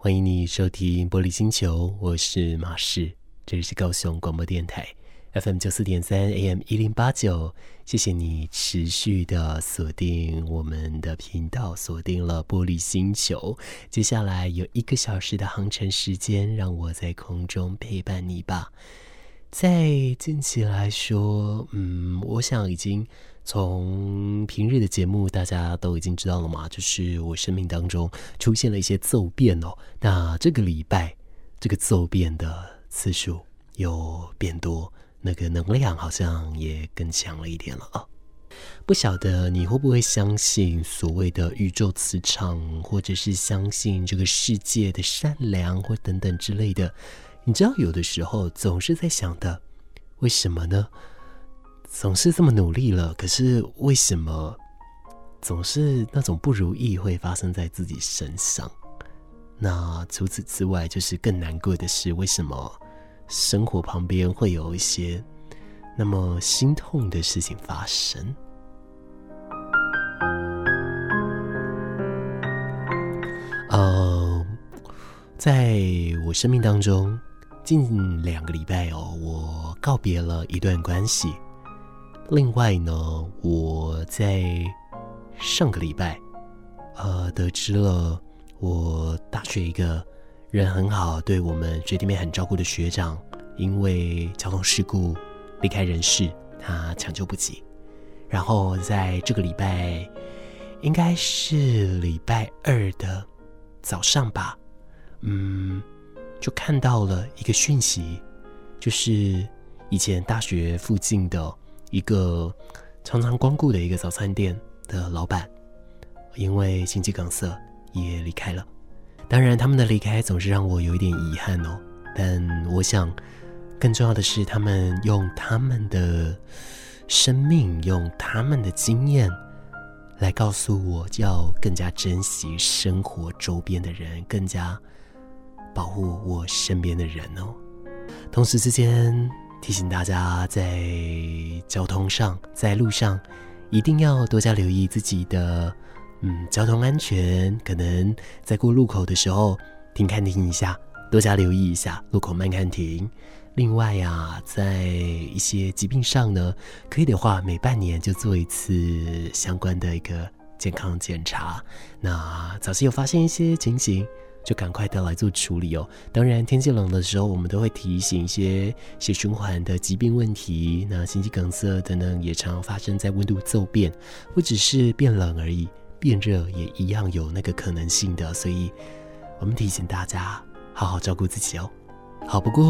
歡迎你收聽《玻璃星球》，我是馬士，這裡是高雄廣播電台 FM 九四點三 AM 一零八九，謝謝你持續地鎖定我們的頻道，鎖定了《玻璃星球》。接下來有一個小時的航程時間，讓我在空中陪伴你吧。在近期來說，嗯，我想已經。從平日的節目，大家都已經知道了嘛，就是我生命當中出現了一些驟變哦。那這個禮拜，這個驟變的次數又變多，那個能量好像也更強了一點了啊。不曉得你會不會相信所謂的宇宙磁場，或者是相信這個世界的善良或等等之類的？你知道，有的時候總是在想的，為什麼呢？總是這麼努力了，可是為什麼總是那種不如意會發生在自己身上？那除此之外，就是更難過的是，為什麼生活旁邊會有一些那麼心痛的事情發生？呃，uh，在我生命當中，近兩個禮拜哦，我告別了一段關係。另外呢，我在上個禮拜，呃，得知了我大學一個人很好、對我們學弟妹很照顧的學長，因為交通事故離開人世，他搶救不及。然後在這個禮拜，應該是禮拜二的早上吧，嗯，就看到了一個訊息，就是以前大學附近的一個常常光顧的一個早餐店的老闆，因為心肌梗塞也離開了。當然，他們的離開總是讓我有一點遺憾哦。但我想，更重要的是，他們用他們的生命、用他們的經驗，來告訴我要更加珍惜生活周邊的人，更加保護我身邊的人哦。同時之間。提醒大家，在交通上，在路上，一定要多加留意自己的，嗯，交通安全。可能在過路口的時候，停看停一下，多加留意一下路口慢看停。另外呀，在一些疾病上呢，可以的話，每半年就做一次相關的一個健康檢查。那早期有發現一些情形。就趕快的來做處理哦。當然，天氣冷的時候，我們都會提醒一些血循環的疾病問題，那心肌梗塞等等也常發生在溫度驟變，不只是變冷而已，變熱也一樣有那個可能性的。所以，我們提醒大家好好照顧自己哦。好，不過，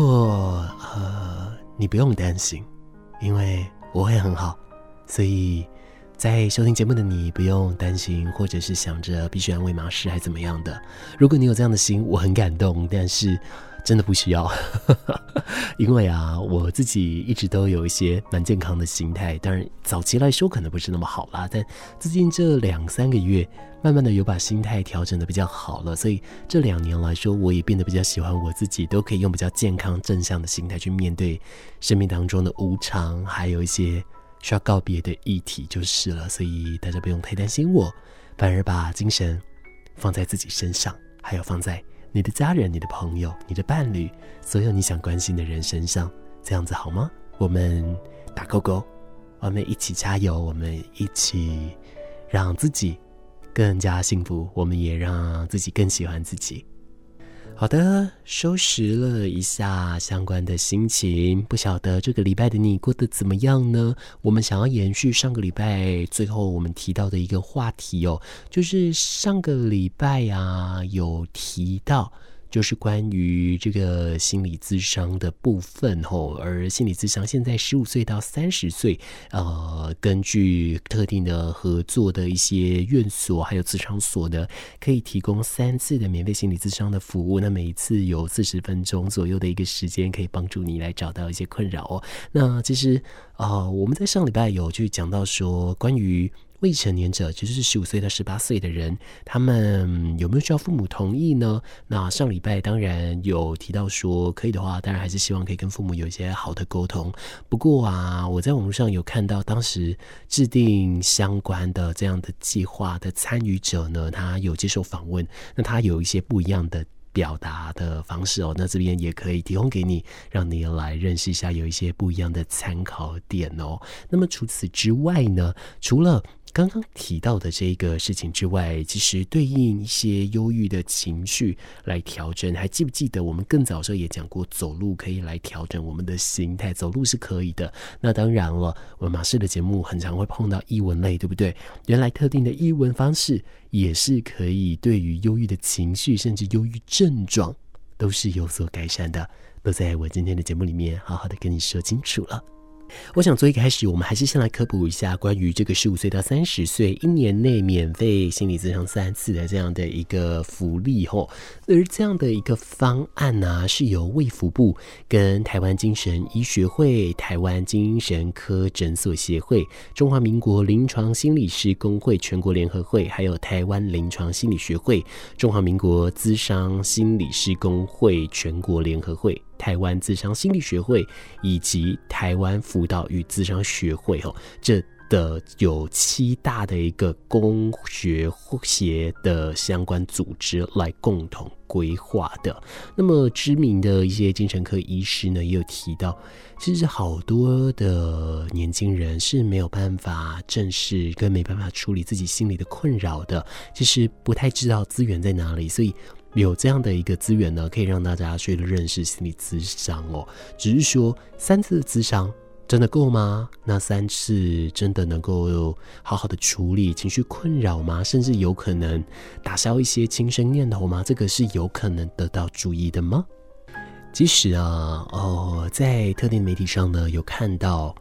呃，你不用擔心，因為我會很好，所以。在收聽節目的你，不用擔心，或者是想着必須安慰馬士還怎麼樣的？如果你有這樣的心，我很感動，但是真的不需要， 因為啊，我自己一直都有一些蠻健康的心態。當然，早期來說可能不是那麼好啦，但最近這兩三個月，慢慢的有把心態調整得比較好了。所以這兩年來說，我也變得比較喜歡我自己，都可以用比較健康、正向的心態去面對生命當中的無常，還有一些，需要告別的議題就是了，所以大家不用太擔心我，反而把精神放在自己身上，還有放在你的家人、你的朋友、你的伴侶，所有你想關心的人身上，這樣子好嗎？我們打勾勾，我們一起加油，我們一起讓自己更加幸福，我們也讓自己更喜歡自己。好的，收拾了一下相關的心情，不曉得這個禮拜的你過得怎麼樣呢？我們想要延續上個禮拜最後我們提到的一個話題哦，就是上個禮拜啊，有提到。就是關於這個心理諮商的部分吼、哦，而心理諮商現在十五歲到三十歲，呃，根據特定的合作的一些院所還有諮商所的，可以提供三次的免費心理諮商的服務。那每一次有四十分鐘左右的一個時間，可以幫助你來找到一些困擾哦。那其實啊，我們在上禮拜有去講到說關於。未成年者，就是十五歲到十八歲的人，他們有沒有需要父母同意呢？那上禮拜當然有提到說，可以的話，當然還是希望可以跟父母有一些好的溝通。不過啊，我在網絡上有看到，當時制定相關的這樣的計劃的參與者呢，他有接受訪問，那他有一些不一樣的表達的方式哦。那這邊也可以提供給你，讓你來認識一下有一些不一樣的參考點哦。那麼除此之外呢，除了剛剛提到的這個事情之外，其實對應一些憂鬱的情緒來調整，還記不記得我們更早的時候也講過，走路可以來調整我們的心態，走路是可以的。那當然了，我們馬士的節目很常會碰到藝文類，對不對？原來特定的藝文方式也是可以對於憂鬱的情緒，甚至憂鬱症狀都是有所改善的，都在我今天的節目裡面好好的跟你說清楚了。我想最一開始，我們還是先來科普一下關於這個十五歲到三十歲一年內免費心理諮商三次的這樣的一個福利哦。而這樣的一個方案呢，啊，是由衛福部跟台灣精神醫學會、台灣精神科診所協會、中華民國臨床心理師公會全國聯合會，還有台灣臨床心理學會、中華民國諮商心理師公會全國聯合會。台灣諮商心理學會以及台灣輔導與諮商學會哦，這的有七大的一個產官學協的相關組織來共同規劃的。那麼知名的一些精神科醫師呢，也有提到，其實好多的年輕人是沒有辦法正視，跟沒辦法處理自己心理的困擾的。其實不太知道資源在哪裡，所以。有這樣的一個資源呢，可以讓大家去認識心理諮商哦。只是說三次的諮商真的夠嗎？那三次真的能夠好好的處理情緒困擾嗎？甚至有可能打消一些輕生念頭嗎？這個是有可能得到注意的嗎？即使啊，哦，在特定媒體上呢，有看到。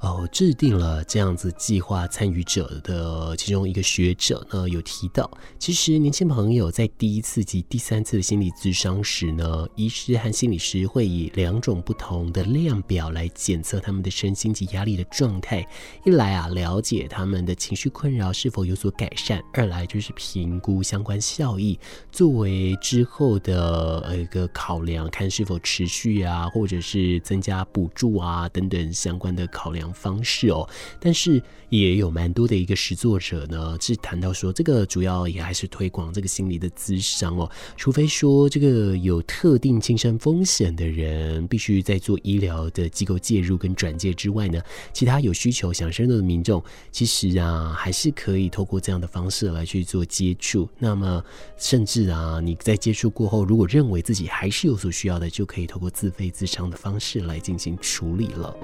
哦，制定了這樣子計劃，參與者的其中一個學者呢有提到，其實年輕朋友在第一次及第三次的心理諮商時呢，醫師和心理師會以兩種不同的量表來檢測他們的身心及壓力的狀態，一來啊了解他們的情緒困擾是否有所改善，二來就是評估相關效益，作為之後的，呃，一個考量，看是否持續啊，或者是增加補助啊等等相關的考量。方式哦，但是也有蠻多的一個實作者呢，是談到說，這個主要也還是推廣這個心理的諮商哦。除非說這個有特定精神風險的人，必須在做醫療的機構介入跟轉介之外呢，其他有需求想深入的民眾，其實啊，還是可以透過這樣的方式來去做接觸。那麼，甚至啊，你在接觸過後，如果認為自己還是有所需要的，就可以透過自費諮商的方式來進行處理了。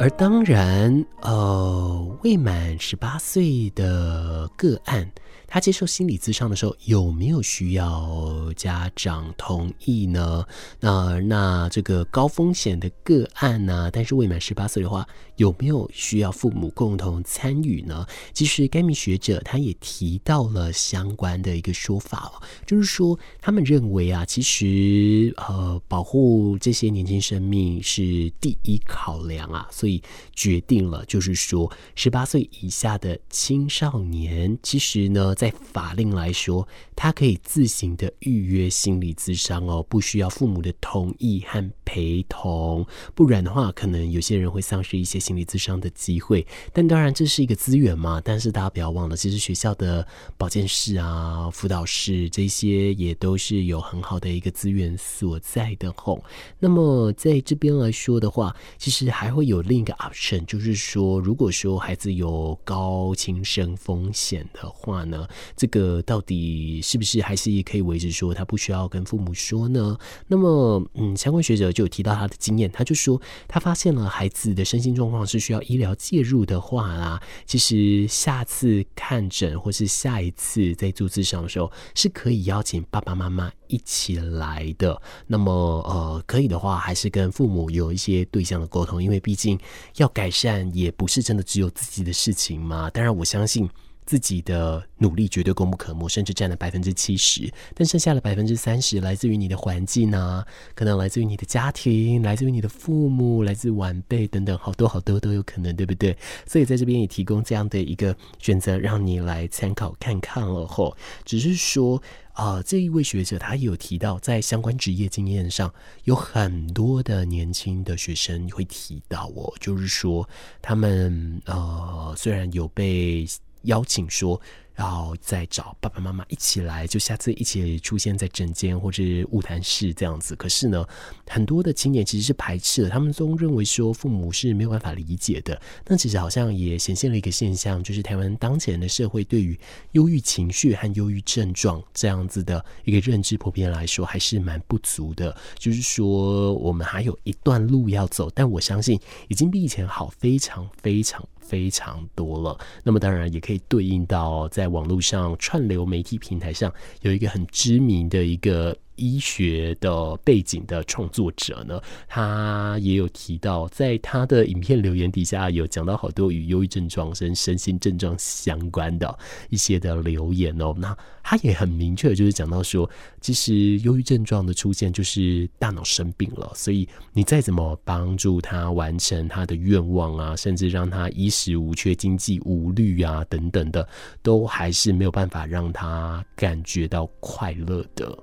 而當然，哦、呃，未滿十八歲的個案。他接受心理諮商的時候有沒有需要家長同意呢？那那這個高風險的個案呢、啊？但是未滿十八歲的話，有沒有需要父母共同參與呢？其實該名學者他也提到了相關的一個說法了、啊，就是說他們認為啊，其實呃保護這些年輕生命是第一考量啊，所以決定了就是說十八歲以下的青少年其實呢。在法令來說，他可以自行的預約心理諮商哦，不需要父母的同意和陪同。不然的話，可能有些人會喪失一些心理諮商的機會。但當然，這是一個資源嘛。但是大家不要忘了，其實學校的保健室啊、輔導室這些，也都是有很好的一個資源所在的吼、哦。那麼在這邊來說的話，其實還會有另一個 option，就是說，如果說孩子有高輕生風險的話呢？這個到底是不是還是也可以維持？說他不需要跟父母說呢？那麼，嗯，相關學者就有提到他的經驗，他就說他發現了孩子的身心狀況是需要醫療介入的話啦。其實下次看診或是下一次在做諮商的時候，是可以邀請爸爸媽媽一起來的。那麼，呃，可以的話，還是跟父母有一些對象的溝通，因為畢竟要改善也不是真的只有自己的事情嘛。當然，我相信。自己的努力絕對功不可沒，甚至佔了百分之七十，但剩下的百分之三十來自於你的環境呢、啊？可能來自於你的家庭，來自於你的父母，來自晚輩等等，好多好多都有可能，對不對？所以在這邊也提供這樣的一個選擇，讓你來參考看看了。吼，只是說啊、呃，這一位學者他有提到，在相關職業經驗上，有很多的年輕的學生會提到哦，就是說他們呃，雖然有被邀請說，然後再找爸爸媽媽一起來，就下次一起出現在診間或者晤談室這樣子。可是呢，很多的青年其實是排斥的，他們都認為說父母是沒有辦法理解的。那其實好像也顯現了一個現象，就是台灣當前的社會對於憂鬱情緒和憂鬱症狀這樣子的一個認知普遍來說還是蠻不足的。就是說，我們還有一段路要走，但我相信已經比以前好，非常非常非常多了，那麼當然也可以對應到在網絡上串流媒體平台上有一個很知名的一個。醫學的背景的創作者呢，他也有提到，在他的影片留言底下有講到好多與憂鬱症狀跟身心症狀相關的一些的留言哦、喔。那他也很明確，就是講到說，其實憂鬱症狀的出現就是大腦生病了，所以你再怎麼幫助他完成他的願望啊，甚至讓他衣食無缺、經濟無慮啊等等的，都還是沒有辦法讓他感覺到快樂的。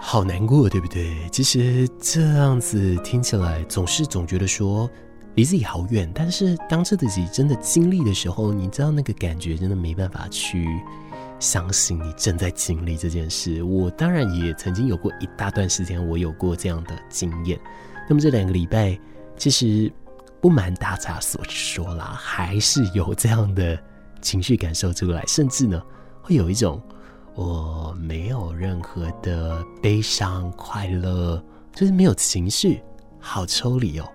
好難過，對不對？其實這樣子聽起來，總是總覺得說離自己好遠。但是當自己真的經歷的時候，你知道那個感覺，真的沒辦法去相信你正在經歷這件事。我當然也曾經有過一大段時間，我有過這樣的經驗。那麼這兩個禮拜，其實不瞞大家所說啦，還是有這樣的情緒感受出來，甚至呢，會有一種。我沒有任何的悲傷、快樂，就是沒有情緒，好抽離哦。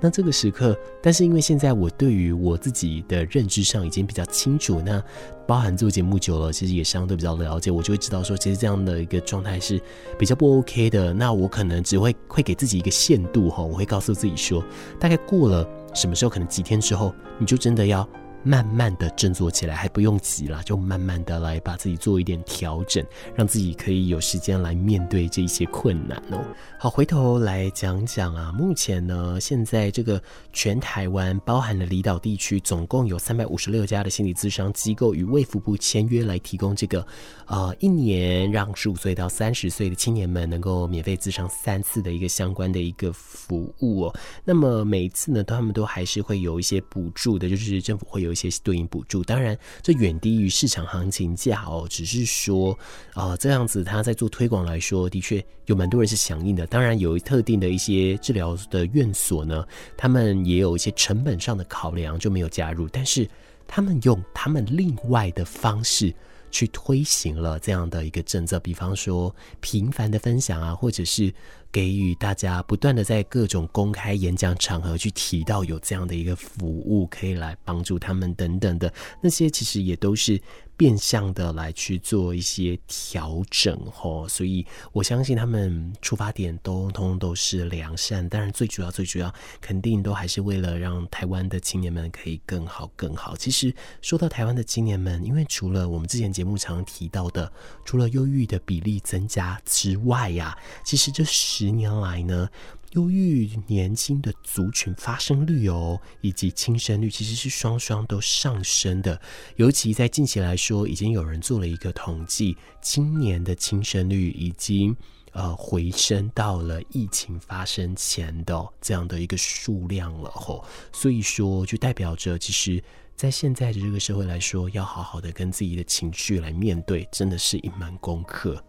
那這個時刻，但是因為現在我對於我自己的認知上已經比較清楚，那包含做節目久了，其實也相對比較了解，我就會知道說，其實這樣的一個狀態是比較不 OK 的。那我可能只會會給自己一個限度，我會告訴自己說，大概過了什麼時候，可能幾天之後，你就真的要。慢慢的振作起來，還不用急啦，就慢慢的來把自己做一點調整，讓自己可以有時間來面對這一些困難哦、喔。好，回頭來講講啊，目前呢，現在這個全台灣包含了離島地區，總共有三百五十六家的心理諮商機構與衛福部簽約來提供這個，呃，一年讓十五歲到三十歲的青年們能夠免費諮商三次的一個相關的一個服務哦、喔。那麼每一次呢，他們都還是會有一些補助的，就是政府會有。有一些對應補助，當然這遠低於市場行情價哦。只是說，啊、呃，這樣子他在做推廣來說，的確有蠻多人是響應的。當然，有特定的一些治療的院所呢，他們也有一些成本上的考量，就沒有加入。但是，他們用他們另外的方式。去推行了這樣的一個政策，比方說頻繁的分享啊，或者是給予大家不斷的在各種公開演講場合去提到有這樣的一個服務可以來幫助他們等等的，那些其實也都是。變相的來去做一些調整吼，所以我相信他們出發點都通通都是良善，當然最主要、最主要肯定都還是為了讓台灣的青年們可以更好、更好。其實說到台灣的青年們，因為除了我們之前節目常常提到的，除了憂鬱的比例增加之外呀、啊，其實這十年來呢。憂鬱年輕的族群發生率哦，以及輕生率其實是雙雙都上升的，尤其在近期來說，已經有人做了一個統計，今年的輕生率已經呃回升到了疫情發生前的、哦、這樣的一個數量了吼、哦，所以說就代表着，其實，在現在的這個社會來說，要好好的跟自己的情緒來面對，真的是一門功課。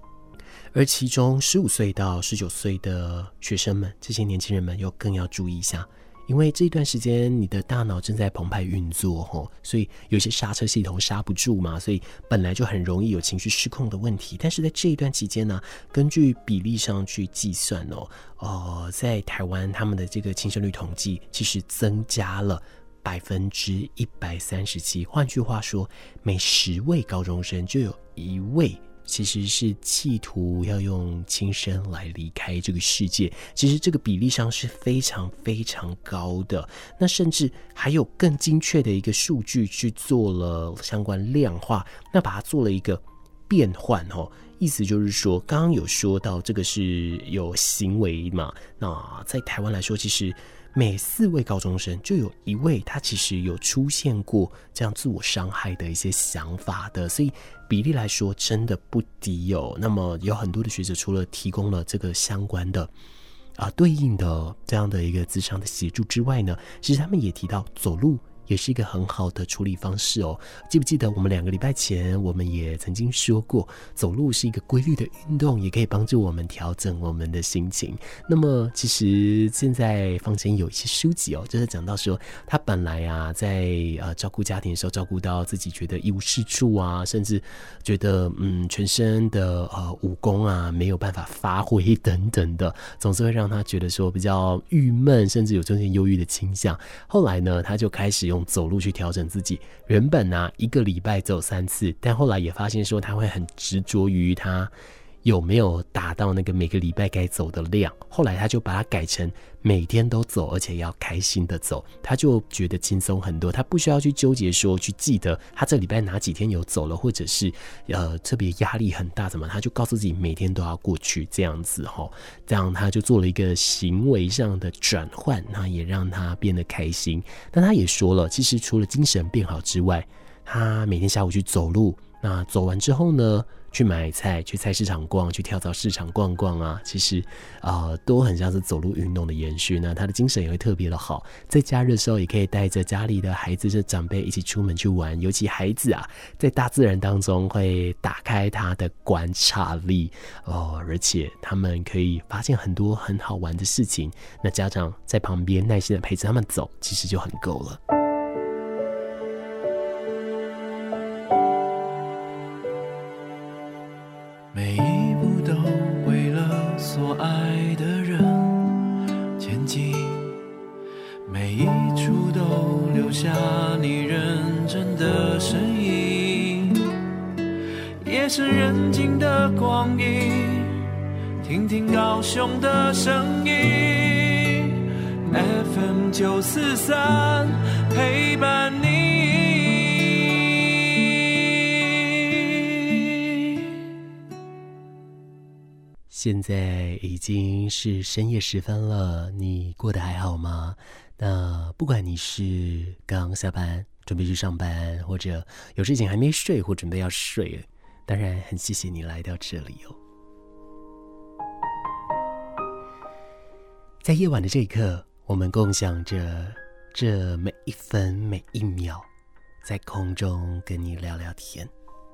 而其中十五歲到十九歲的學生們，這些年輕人們又更要注意一下，因為這一段時間你的大腦正在澎湃運作，吼、哦，所以有些剎車系統剎不住嘛，所以本來就很容易有情緒失控的問題。但是在這一段期間呢，根據比例上去計算哦，哦，在台灣他們的這個輕生率統計其實增加了百分之一百三十七，換句話說，每十位高中生就有一位。其實是企圖要用輕生來離開這個世界，其實這個比例上是非常非常高的。那甚至還有更精確的一個數據去做了相關量化，那把它做了一個變換哦。意思就是說，剛剛有說到這個是有行為嘛？那在台灣來說，其實每四位高中生就有一位，他其實有出現過這樣自我傷害的一些想法的，所以比例來說真的不低哦。那麼有很多的學者，除了提供了這個相關的啊、呃、對應的這樣的一個諮商的協助之外呢，其實他們也提到走路，也是一個很好的處理方式哦。記不記得我們兩個禮拜前，我們也曾經說過，走路是一個規律的運動，也可以幫助我們調整我們的心情。那麼，其實現在坊間有一些書籍哦，就是講到說，他本來啊，在呃照顧家庭的時候，照顧到自己覺得一無是處啊，甚至覺得嗯全身的呃武功啊沒有辦法發揮等等的，總是會讓他覺得說比較鬱悶，甚至有出現憂鬱的傾向。後來呢，他就開始有走路去調整自己。原本呢、啊，一個禮拜走三次，但後來也發現說，他會很執着於他。有沒有達到那個每個禮拜該走的量？後來他就把它改成每天都走，而且要開心的走，他就覺得輕鬆很多，他不需要去糾結說去記得他這禮拜哪幾天有走了，或者是呃特別壓力很大怎麼，他就告訴自己每天都要過去這樣子哈，這樣他就做了一個行為上的轉換，那也讓他變得開心。但他也說了，其實除了精神變好之外，他每天下午去走路，那走完之後呢？去買菜，去菜市場逛，去跳蚤市場逛逛啊！其實，呃，都很像是走路運動的延續。那他的精神也會特別的好。在假日的時候，也可以帶着家裡的孩子、這長輩一起出門去玩。尤其孩子啊，在大自然當中會打開他的觀察力哦、呃，而且他們可以發現很多很好玩的事情。那家長在旁邊耐心的陪着他們走，其實就很夠了。現在已經是深夜時分了，你過得還好嗎？那不管你是剛下班準備去上班，或者有事情還沒睡或準備要睡，當然很謝謝你來到這裡哦。在夜晚的這一刻，我們共享着這每一分每一秒，在空中跟你聊聊天。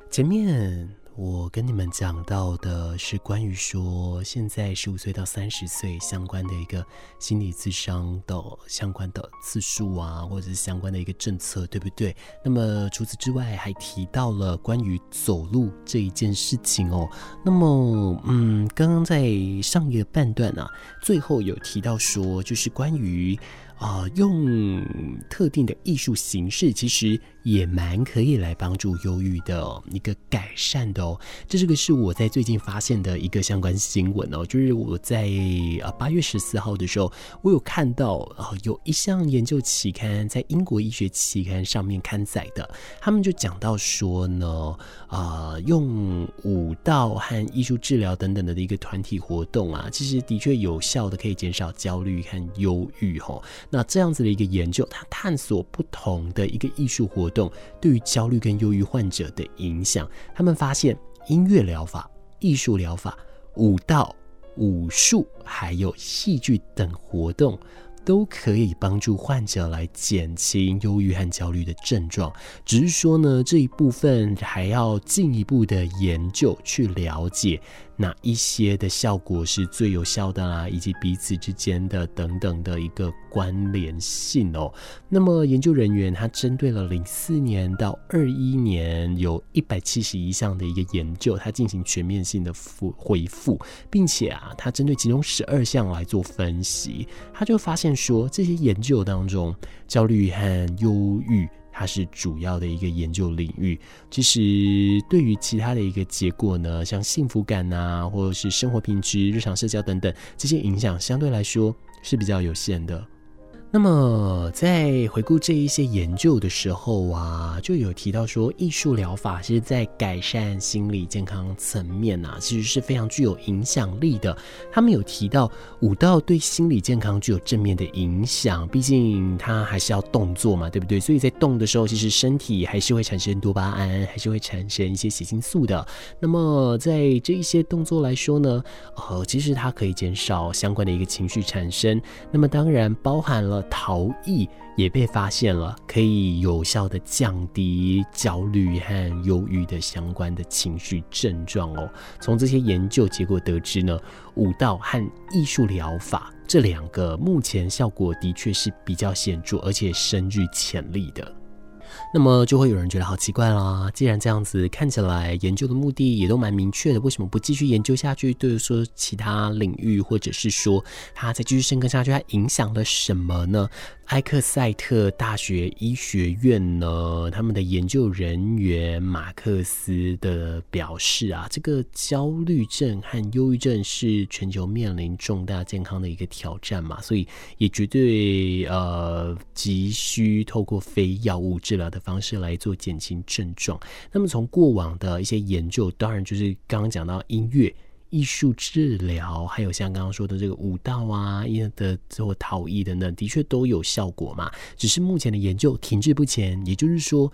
前面。我跟你們講到的是關於說現在十五歲到三十歲相關的一個心理諮商的相關的次數啊，或者是相關的一個政策，對不對？那麼除此之外，還提到了關於走路這一件事情哦。那麼，嗯，剛剛在上一個半段啊，最後有提到說，就是關於。啊、呃，用特定的藝術形式，其實也蠻可以來幫助憂鬱的、哦、一個改善的哦。這個是我在最近發現的一個相關新聞哦，就是我在啊八、呃、月十四號的時候，我有看到啊、呃、有一項研究期刊在英國醫學期刊上面刊載的，他們就講到說呢，啊、呃、用舞蹈和藝術治療等等的一個團體活動啊，其實的確有效的可以減少焦慮和憂鬱吼、哦。那這樣子的一個研究，它探索不同的一個藝術活動對於焦慮跟憂鬱患者的影響。他們發現音樂療法、藝術療法、舞蹈、武術還有戲劇等活動，都可以幫助患者來減輕憂鬱和焦慮的症狀。只是說呢，這一部分還要進一步的研究去了解。哪一些的效果是最有效的啦？以及彼此之間的等等的一個關聯性哦。那麼研究人員他針對了零四年到二一年有一百七十一項的一個研究，他進行全面性的回復，並且啊，他針對其中十二項來做分析，他就發現說，這些研究當中，焦慮和憂鬱。它是主要的一個研究領域。其實對於其他的一個結果呢，像幸福感啊，或者是生活品質、日常社交等等，這些影響相對來說是比較有限的。那麼在回顧這一些研究的時候啊，就有提到說，藝術療法其實在改善心理健康層面啊，其實是非常具有影響力的。他們有提到，舞蹈對心理健康具有正面的影響，畢竟它還是要動作嘛，對不對？所以在動的時候，其實身體還是會產生多巴胺，還是會產生一些血清素的。那麼在這一些動作來說呢，呃、哦，其實它可以減少相關的一個情緒產生。那麼當然包含了。陶藝也被發現了，可以有效的降低焦慮和憂鬱的相關的情緒症狀哦。從這些研究結果得知呢，舞蹈和藝術療法這兩個目前效果的確是比較顯著，而且深具潛力的。那麼就會有人覺得好奇怪啦。既然這樣子看起來研究的目的也都蠻明確的，為什麼不繼續研究下去？對於說其他領域，或者是說它再繼續深耕下去，它影響了什麼呢？埃克塞特大學醫學院呢，他們的研究人員馬克思的表示啊，這個焦慮症和憂鬱症是全球面臨重大健康的一個挑戰嘛，所以也絕對呃急需透過非藥物治療的。方式來做減輕症狀。那麼從過往的一些研究，當然就是剛剛講到音樂、藝術治療，還有像剛剛說的這個舞蹈啊，音樂的做陶藝等等，的確都有效果嘛。只是目前的研究停滯不前，也就是說，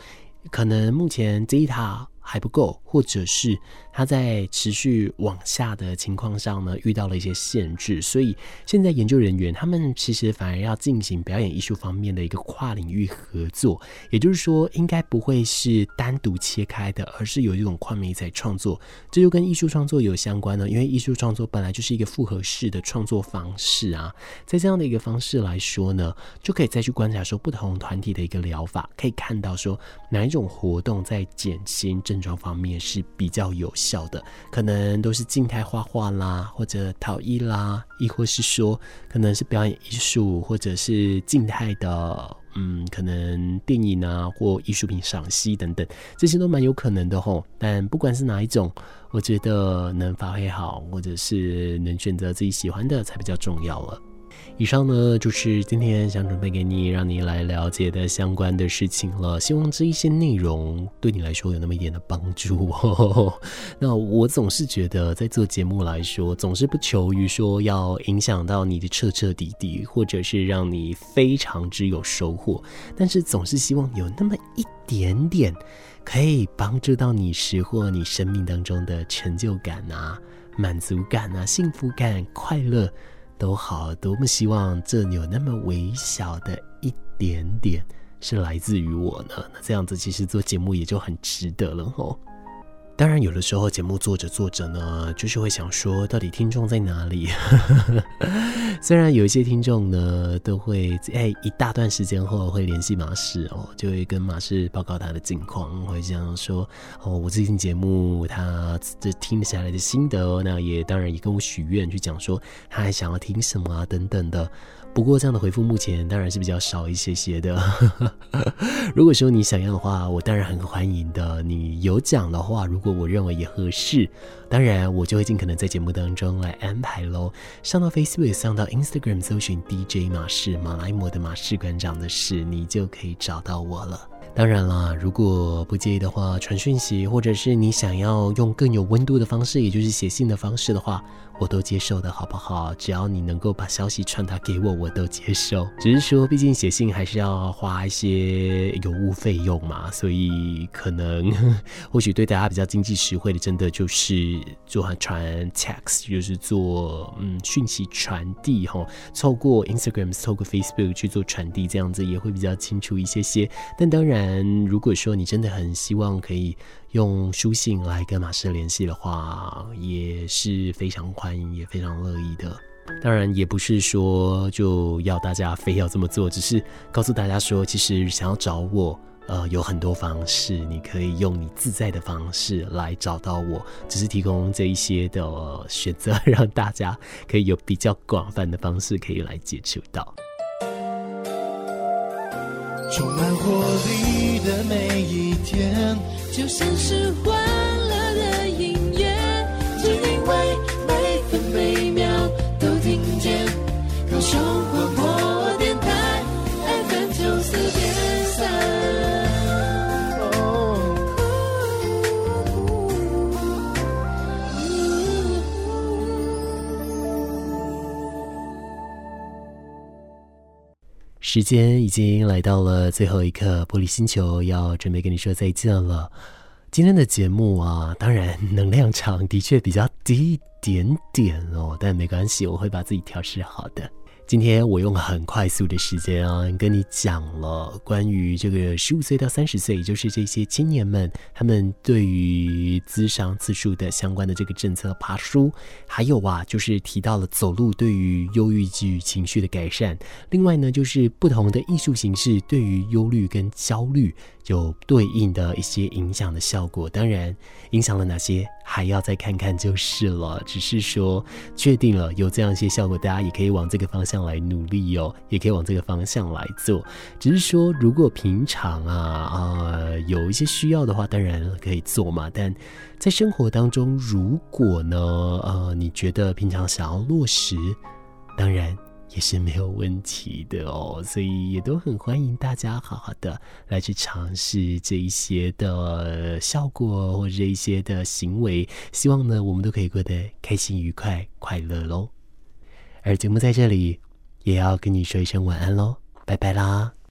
可能目前這一套還不夠，或者是。他在持續往下的情況下呢，遇到了一些限制，所以現在研究人員，他們其實反而要進行表演藝術方面的一個跨領域合作，也就是說，應該不會是單獨切開的，而是有一種跨媒體在創作。這就跟藝術創作有相關了，因為藝術創作本來就是一個複合式的創作方式啊。在這樣的一個方式來說呢，就可以再去觀察說不同團體的一個療法，可以看到說哪一種活動在減輕症狀方面是比較有限。小的可能都是靜態畫畫啦，或者陶藝啦，亦或是說可能是表演藝術，或者是靜態的，嗯，可能電影啊或藝術品賞析等等，這些都蠻有可能的吼。但不管是哪一種，我覺得能發揮好，或者是能選擇自己喜歡的，才比較重要了。以上呢，就是今天想準備給你，讓你來了解的相關的事情了。希望這一些內容對你來說有那麼一點的幫助。 那我總是覺得，在做節目來說，總是不求於說要影響到你的徹徹底底，或者是讓你非常之有收穫，但是總是希望有那麼一點點，可以幫助到你，拾獲你生命當中的成就感啊、滿足感啊、幸福感、快樂。都好，多麼希望這有那麼微小的一點點是來自於我呢？那這樣子其實做節目也就很值得了哦。當然，有的時候節目做着做着呢，就是會想說，到底聽眾在哪裡？ 雖然有一些聽眾呢，都會哎、欸、一大段時間後會聯繫馬士哦，就會跟馬士報告他的近況，會這樣說哦，我最近節目他這聽下來的心得、哦，那也當然也跟我許願，去講說他還想要聽什麼、啊、等等的。不過這樣的回復目前當然是比較少一些些的。 如果說你想要的話，我當然很歡迎的。你有講的話，如果我認為也合適，當然我就會盡可能在節目當中來安排嘍。上到 Facebook，上到 Instagram，搜尋 DJ 馬士、馬來摩的馬士館長的事，你就可以找到我了。當然啦，如果不介意的話，傳訊息，或者是你想要用更有溫度的方式，也就是寫信的方式的話。我都接受的，好不好？只要你能夠把消息傳達給我，我都接受。只是說，畢竟寫信還是要花一些郵務費用嘛，所以可能或許對大家比較經濟實惠的，真的就是做傳 text，就是做嗯訊息傳遞哈，透過 Instagram、透過 Facebook 去做傳遞，這樣子也會比較清楚一些些。但當然，如果說你真的很希望可以。用書信來跟馬士聯繫的話，也是非常歡迎，也非常樂意的。當然，也不是說就要大家非要這麼做，只是告訴大家說，其實想要找我，呃，有很多方式，你可以用你自在的方式來找到我。只是提供這一些的選擇，讓大家可以有比較廣泛的方式可以來接觸到。充滿活力的每一天。就像是花。時間已經來到了最後一刻，玻璃星球要準備跟你說再見了。今天的節目啊，當然能量場的確比較低一點點哦，但沒關係，我會把自己調試好的。今天我用了很快速的時間啊，跟你講了關於這個十五歲到三十歲，也就是這些青年們，他們對於諮商次數的相關的這個政策爬梳。還有啊，就是提到了走路對於憂鬱及情緒的改善，另外呢，就是不同的藝術形式對於憂慮跟焦慮有對應的一些影響的效果，當然影響了哪些還要再看看就是了。只是說確定了有這樣一些效果，大家也可以往這個方向來努力哦，也可以往這個方向來做。只是說如果平常啊，呃，有一些需要的話，當然可以做嘛。但在生活當中，如果呢，呃，你覺得平常想要落實，當然。也是沒有問題的哦，所以也都很歡迎大家好好的來去嘗試這一些的效果或者一些的行為，希望呢我們都可以過得開心、愉快、快樂嘍。而節目在這裡也要跟你說一聲晚安嘍，拜拜啦。